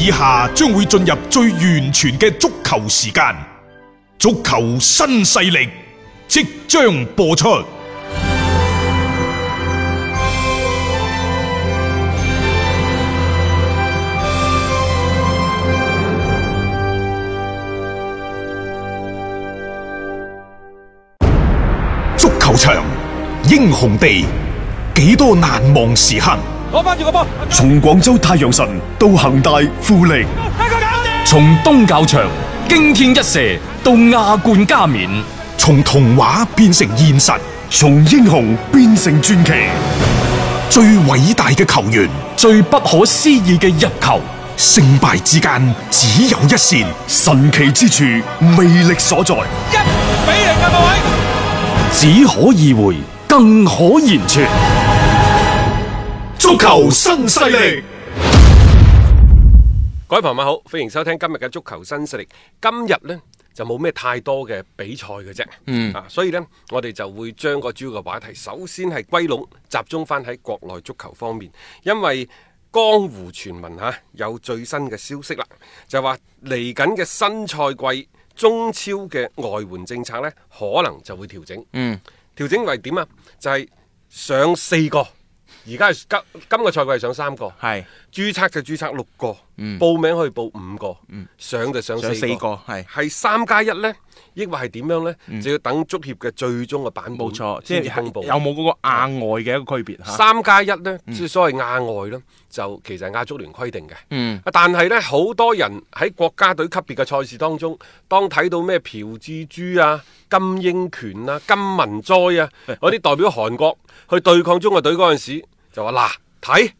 以下將會進入最完全嘅足球時間，足球新勢力即將播出。足球場，英雄地，幾多難忘時刻？攞翻住，攞翻，從廣州太陽神，到恒大富力，從東較場驚天一射到亞冠加冕，從童話變成現實，從英雄變成傳奇，最偉大嘅球員，最不可思議嘅入球，勝敗之間只有一線，神奇之處魅力所在，一比零嘅、啊、各位，只可意會，更可言傳，足球新勢力。各位朋友好，歡迎收聽今日嘅足球新勢力。今日呢，就冇咩太多嘅比賽嘅啫，嗯、啊，所以呢，我哋就會將個主要嘅話題，首先係歸攏，集中翻喺國內足球方面。因為江湖傳聞吓、啊、有最新嘅消息啦，就話嚟緊嘅新賽季中超嘅外援政策呢，可能就會調整，嗯，調整為點啊？就係、是、上四個，而家今今個賽季上三個，係、是、註冊就註冊六個。嗯，報名可以報五個，上就上四個，係，係三加一呢？抑或係點樣呢？就要等足協嘅最終嘅版本先至公佈。冇錯，即係有冇嗰個亞外嘅一個區別？三加一呢，即所謂亞外咯，就其實亞足聯規定嘅。但係呢，好多人喺國家隊級別嘅賽事當中，當睇到咩朴志洙啊、金英權啊、金文哉啊嗰啲代表韓國去對抗中國隊嗰陣時，就話嗱睇。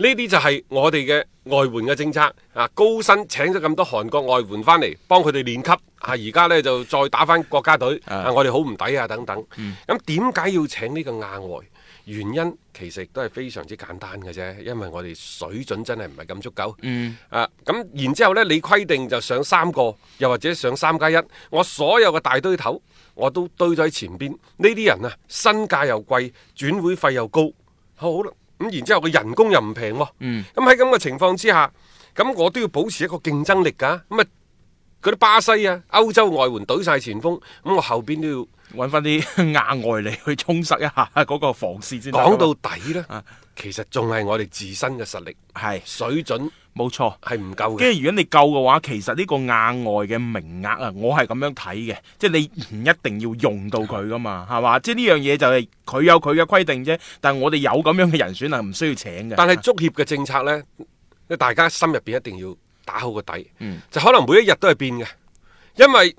呢啲就係我哋嘅外援嘅政策啊！高薪請咗咁多韓國外援翻嚟幫佢哋練級啊！而家呢就再打翻國家隊啊，啊！我哋好唔抵啊！等等，咁點解要請呢個亞外？原因其實都係非常之簡單嘅啫，因為我哋水準真係唔係咁足夠。嗯、啊，咁然之後呢，你規定就上三個，又或者上三加一，我所有嘅大堆頭我都堆咗喺前邊。呢啲人啊，身價又貴，轉會費又高，好啦。咁然之後個人工又唔平，哦，咁喺咁嘅情況之下，咁我都要保持一個競爭力㗎。咁啊，嗰啲巴西啊、歐洲外援對晒前鋒，咁我後邊都要揾翻啲亞外嚟去充實一下嗰個防線先。講到底咧，啊、其實仲係我哋自身嘅實力、係、啊、是水準。冇錯，係唔夠。跟住如果你夠嘅話，其實呢個額外嘅名額啊，我係咁樣睇嘅，即係你唔一定要用到佢噶嘛，係嘛？即係呢樣嘢就係佢有佢嘅規定啫。但係我哋有咁樣嘅人選係唔需要請嘅。但係足協嘅政策呢，大家心入邊一定要打好個底。嗯，就可能每一日都係變嘅，因為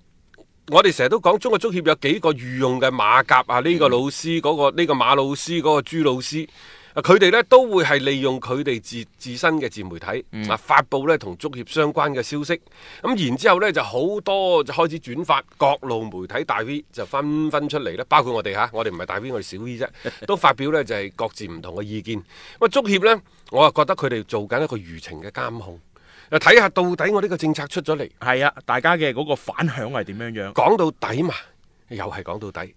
我哋成日都講，中國足協有幾個御用嘅馬甲啊，呢個老師、嗰個，嗯，呢個馬老師、嗰個朱老師。佢哋咧都會係利用佢哋自自身嘅自媒體、嗯、啊，發布咧同足協相關嘅消息。咁、啊、然之後呢，就好多就開始轉發各路媒體大 V 就紛紛出嚟啦。包括我哋嚇、啊，我哋唔係大 V，我哋小 V 啫， 都發表呢就係、是、各自唔同嘅意見。咁啊，足協咧，我啊覺得佢哋做緊一個輿情嘅監控，睇下到底我呢個政策出咗嚟，係啊，大家嘅嗰個反響係點樣樣？講到底嘛，又係講到底。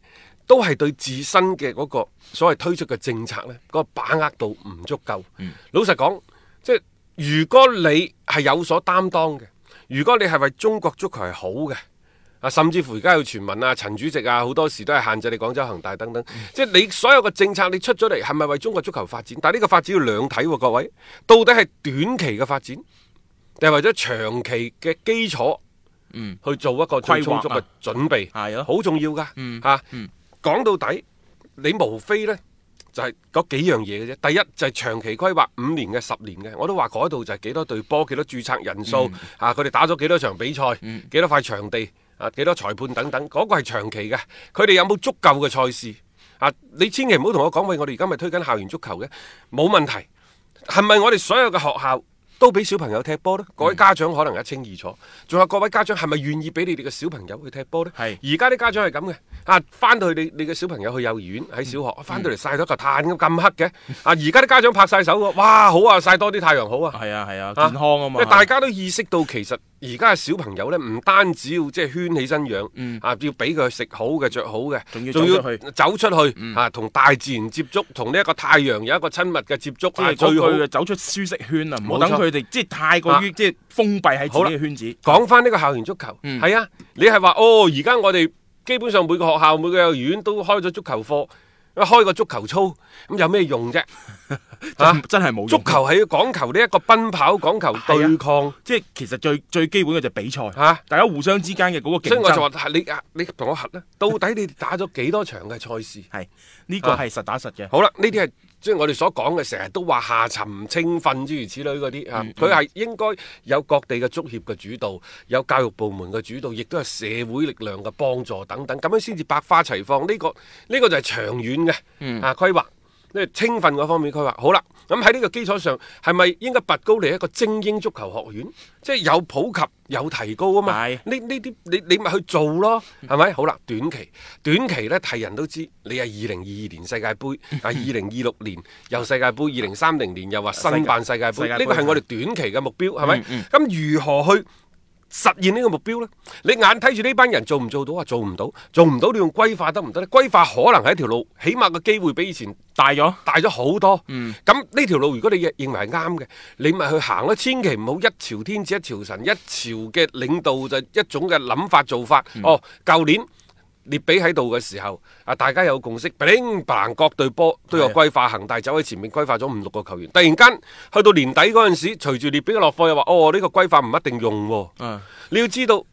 都係對自身嘅嗰個所謂推出嘅政策呢，嗰、嗰個把握度唔足夠。嗯、老實講，即係如果你係有所擔當嘅，如果你係為中國足球係好嘅，啊，甚至乎而家有傳聞啊，陳主席啊，好多時都係限制你廣州恒大等等。嗯、即係你所有嘅政策你出咗嚟，係咪為中國足球發展？但係呢個發展要兩睇喎、啊，各位，到底係短期嘅發展，定係為咗長期嘅基礎？去做一個最充足嘅準備，係咯、嗯，好、啊、重要噶。啊、嗯，講到底，你無非呢，就係、是、嗰幾樣嘢嘅啫。第一就係、是、長期規劃五年嘅、十年嘅，我都話嗰度就係幾多隊波、幾多注冊人數、嗯、啊，佢哋打咗幾多場比賽、嗯、幾多塊場地啊、幾多裁判等等，嗰、那個係長期嘅。佢哋有冇足夠嘅賽事啊？你千祈唔好同我講，喂，我哋而家咪推緊校園足球嘅，冇問題。係咪我哋所有嘅學校，都俾小朋友踢波咧，各位家長可能一清二楚。仲有各位家長係咪願意俾你哋嘅小朋友去踢波呢？係是，而家啲家長係咁嘅，啊，翻到去你你嘅小朋友去幼兒園喺小學，翻到嚟曬咗個炭咁黑嘅。啊，而家啲家長拍晒手喎，哇，好啊，曬多啲太陽好啊，係啊係啊，健康啊嘛。大家都意識到其實。而家嘅小朋友咧，唔單止要即係圈起身養，啊，要俾佢食好嘅、着好嘅，仲要走出去，啊，同大自然接觸，同呢一個太陽有一個親密嘅接觸係最好嘅，走出舒適圈啊！唔好等佢哋即係太過於即係封閉喺自己嘅圈子。講翻呢個校園足球，係啊，你係話哦，而家我哋基本上每個學校、每個幼兒園都開咗足球課。開個足球操咁有咩用啫？ 真係冇用，足球係要講求呢一個奔跑，講求對抗，啊、即係其實最最基本嘅就比賽吓，啊、大家互相之間嘅嗰個競爭。所以我就話，你啊，你同我核啦，到底你打咗幾多場嘅賽事？係呢、 這個係實打實嘅、啊。好啦，呢啲係。即係我哋所講嘅，成日都話下沉青訓諸如此類嗰啲啊，佢係、嗯嗯、應該有各地嘅足協嘅主導，有教育部門嘅主導，亦都係社會力量嘅幫助等等，咁樣先至百花齊放。呢、呢個呢、呢個就係長遠嘅、嗯、啊規劃。即係青訓嗰方面規劃好啦，咁喺呢個基礎上係咪應該拔高你一個精英足球學院？即係有普及有提高啊嘛。呢呢啲你你咪去做咯，係咪？好啦，短期短期呢，係人都知你係二零二二年世界盃，啊二零二六年又世界盃，二零三零年又話申辦世界盃，呢個係我哋短期嘅目標，係咪？咁、嗯嗯、如何去？實現呢個目標呢，你眼睇住呢班人做唔做到啊？做唔到，做唔到，你用歸化得唔得咧？歸化可能係一條路，起碼個機會比以前大咗，大咗好多。嗯，咁呢條路如果你認認為係啱嘅，你咪去行咯。千祈唔好一朝天子一朝臣，一朝嘅領導就一種嘅諗法做法。嗯、哦，舊年。列比喺度嘅時候，啊，大家有共識，bang 各隊波都有歸化，恒大走喺前面歸化咗五六個球員。突然間去到年底嗰陣時，隨住列比嘅落課，又話哦呢、這個歸化唔一定用、哦。嗯、啊，你要知道，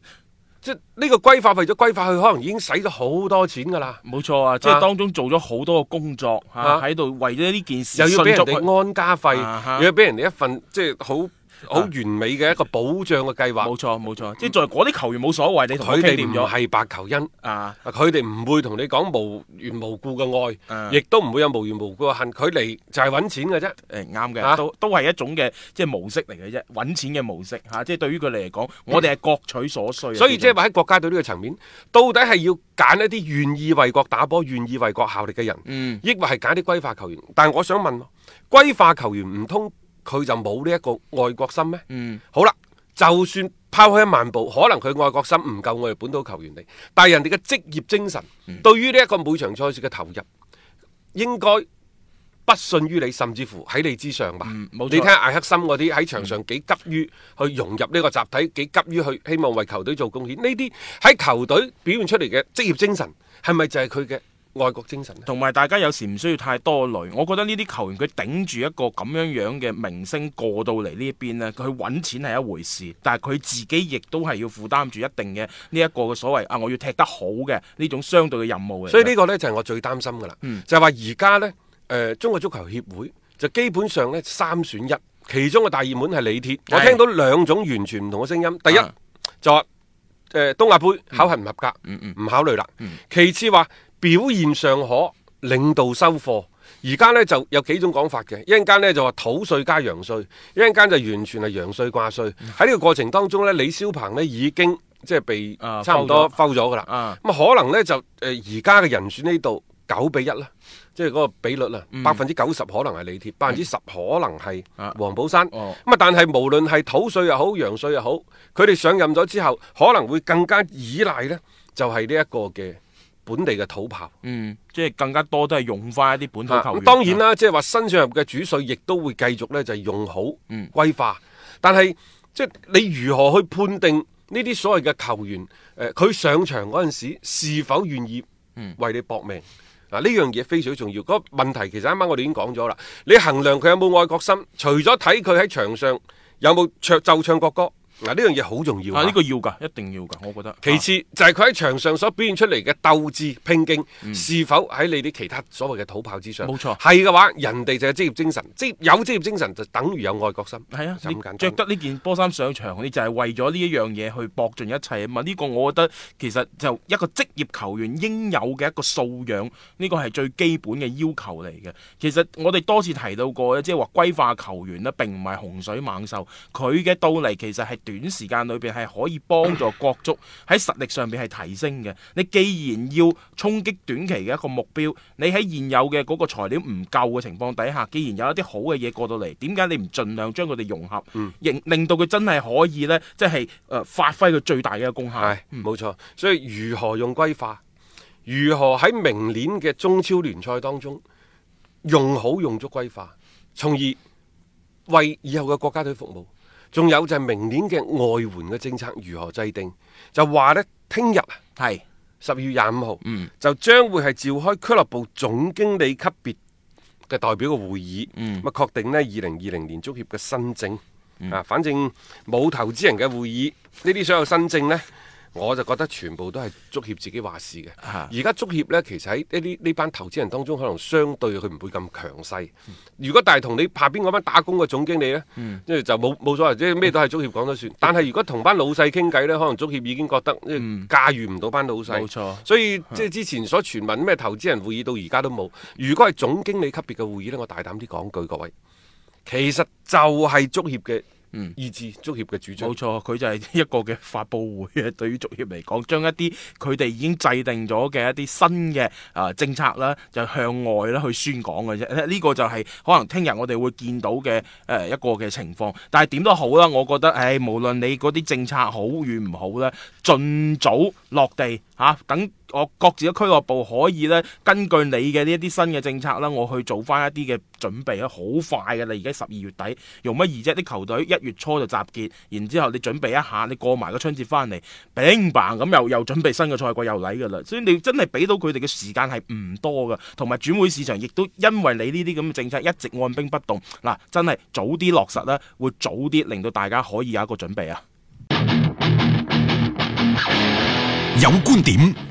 即係呢、這個歸化為咗歸化，佢可能已經使咗好多錢㗎啦。冇錯啊，啊即係當中做咗好多個工作嚇喺度，啊啊、為咗呢件事，又要俾人哋安家費，啊、哈又要俾人哋一份即係好。好完美嘅一個保障嘅計劃，冇錯冇錯，即係作為嗰啲球員冇所謂，你同佢哋唔係白求恩啊，佢哋唔會同你講無緣無故嘅愛，亦都唔會有無緣無故嘅恨，佢哋就係搵錢嘅啫，誒啱嘅，都都係一種嘅即係模式嚟嘅啫，搵錢嘅模式吓，即係對於佢哋嚟講，我哋係各取所需，所以即係話喺國家隊呢個層面，到底係要揀一啲願意為國打波、願意為國效力嘅人，嗯，抑或係揀啲歸化球員，但係我想問，歸化球員唔通？佢就冇呢一個愛國心咩？嗯，好啦，就算拋開一萬步，可能佢愛國心唔夠我哋本土球員嚟。但係人哋嘅職業精神，嗯，對於呢一個每場賽事嘅投入，應該不遜於你，甚至乎喺你之上吧？嗯，冇錯，你睇下艾克森嗰啲喺場上幾急於去融入呢個集體，幾急於去希望為球隊做貢獻，呢啲喺球隊表現出嚟嘅職業精神，係咪就係佢嘅？愛國精神，同埋大家有時唔需要太多累。我覺得呢啲球員佢頂住一個咁樣樣嘅明星過到嚟呢邊呢，佢揾錢係一回事，但係佢自己亦都係要負擔住一定嘅呢一個嘅所謂啊，我要踢得好嘅呢種相對嘅任務。所以呢個呢，就係、是、我最擔心噶啦，嗯、就係話而家呢，誒、呃，中國足球協會就基本上呢三選一，其中嘅大熱門係李鐵。是我聽到兩種完全唔同嘅聲音，第一、嗯、就話誒、呃、東亞杯考核唔合格，唔、嗯嗯、考慮啦。其次話。表現尚可，領導收貨。而家呢，就有幾種講法嘅，一陣間呢，就話土帥加洋帥，一陣間就完全係洋帥掛帥。喺呢、嗯、個過程當中呢，李霄鵬呢已經即係被差唔多摟咗噶啦。咁、啊啊、可能呢，就誒而家嘅人選呢度九比一啦，即係嗰個比率啦，百分之九十可能係李鐵，百分之十可能係黃寶山。咁啊、嗯，嗯、但係無論係土帥又好，洋帥又好，佢哋上任咗之後，可能會更加依賴呢，就係呢一個嘅，就是本地嘅土炮，嗯，即係更加多都係用返一啲本土球員。啊、當然啦，即係話新上任嘅主帥亦都會繼續咧，就係用好歸、嗯、化。但係即係你如何去判定呢啲所謂嘅球員？誒、呃，佢上場嗰陣時是否願意為你搏命？嗱、嗯，呢、啊、樣嘢非常重要。嗰個問題其實啱啱我哋已經講咗啦。你衡量佢有冇愛國心，除咗睇佢喺場上有冇唱就唱國歌。嗱，呢樣嘢好重要啊！呢個要㗎，一定要㗎，我覺得。其次、啊、就係佢喺場上所表現出嚟嘅鬥志、拼勁、嗯、是否喺你啲其他所謂嘅土炮之上？冇錯，係嘅話，人哋就係職業精神，即係有職業精神就等於有愛國心。係、嗯、啊，咁緊張，你着得呢件波衫上場你就係、是、為咗呢一樣嘢去搏盡一切啊嘛！呢個我覺得其實就一個職業球員應有嘅一個素養，呢個係最基本嘅要求嚟嘅。其實我哋多次提到過，即係話歸化球員啦，並唔係洪水猛獸，佢嘅到嚟其實係。短時間裏邊係可以幫助國足喺實力上面係提升嘅。你既然要衝擊短期嘅一個目標，你喺現有嘅嗰個材料唔夠嘅情況底下，既然有一啲好嘅嘢過到嚟，點解你唔盡量將佢哋融合、嗯，令到佢真係可以呢？即係誒、呃、發揮佢最大嘅一個功效唉？冇錯、嗯。所以如何用歸化，如何喺明年嘅中超聯賽當中用好用足歸化，從而為以後嘅國家隊服務。仲有就係明年嘅外援嘅政策如何制定，就話咧，聽是日啊，係十二月廿五號，就將會係召開俱樂部總經理級別嘅代表嘅會議，咁啊、嗯、確定呢二零二零年足協嘅新政啊，反正冇投資人嘅會議，呢啲所有新政呢。我就覺得全部都係足協自己話事嘅。而家足協呢，其實喺呢呢呢班投資人當中，可能相對佢唔會咁強勢。嗯、如果但係同你下邊嗰班打工嘅總經理呢，即係、嗯、就冇冇所謂，即係咩都係足協講都算。嗯、但係如果同班老細傾偈呢，可能足協已經覺得，即、嗯、係、嗯、駕馭唔到班老細。冇錯。所以即係、嗯、之前所傳聞咩投資人會議到而家都冇。如果係總經理級別嘅會議呢，我大膽啲講句，各位，其實就係足協嘅。嗯，依致足協嘅主張，冇錯，佢就係一個嘅發佈會啊。對於足協嚟講，將一啲佢哋已經制定咗嘅一啲新嘅啊政策啦，就向外啦去宣講嘅啫。呢、這個就係可能聽日我哋會見到嘅誒一個嘅情況。但係點都好啦，我覺得誒、哎，無論你嗰啲政策好與唔好啦，盡早落地啊，等。我各自嘅俱樂部可以咧，根據你嘅呢一啲新嘅政策啦，我去做翻一啲嘅準備啦，好快噶啦。你而家十二月底，容乜易啫？啲球隊一月初就集結，然之後你準備一下，你過埋個春節翻嚟，砰砰咁又又準備新嘅賽季又嚟噶啦。所以你真係俾到佢哋嘅時間係唔多噶，同埋轉會市場亦都因為你呢啲咁嘅政策一直按兵不動。嗱，真係早啲落實啦，會早啲，令到大家可以有一個準備啊。有觀點。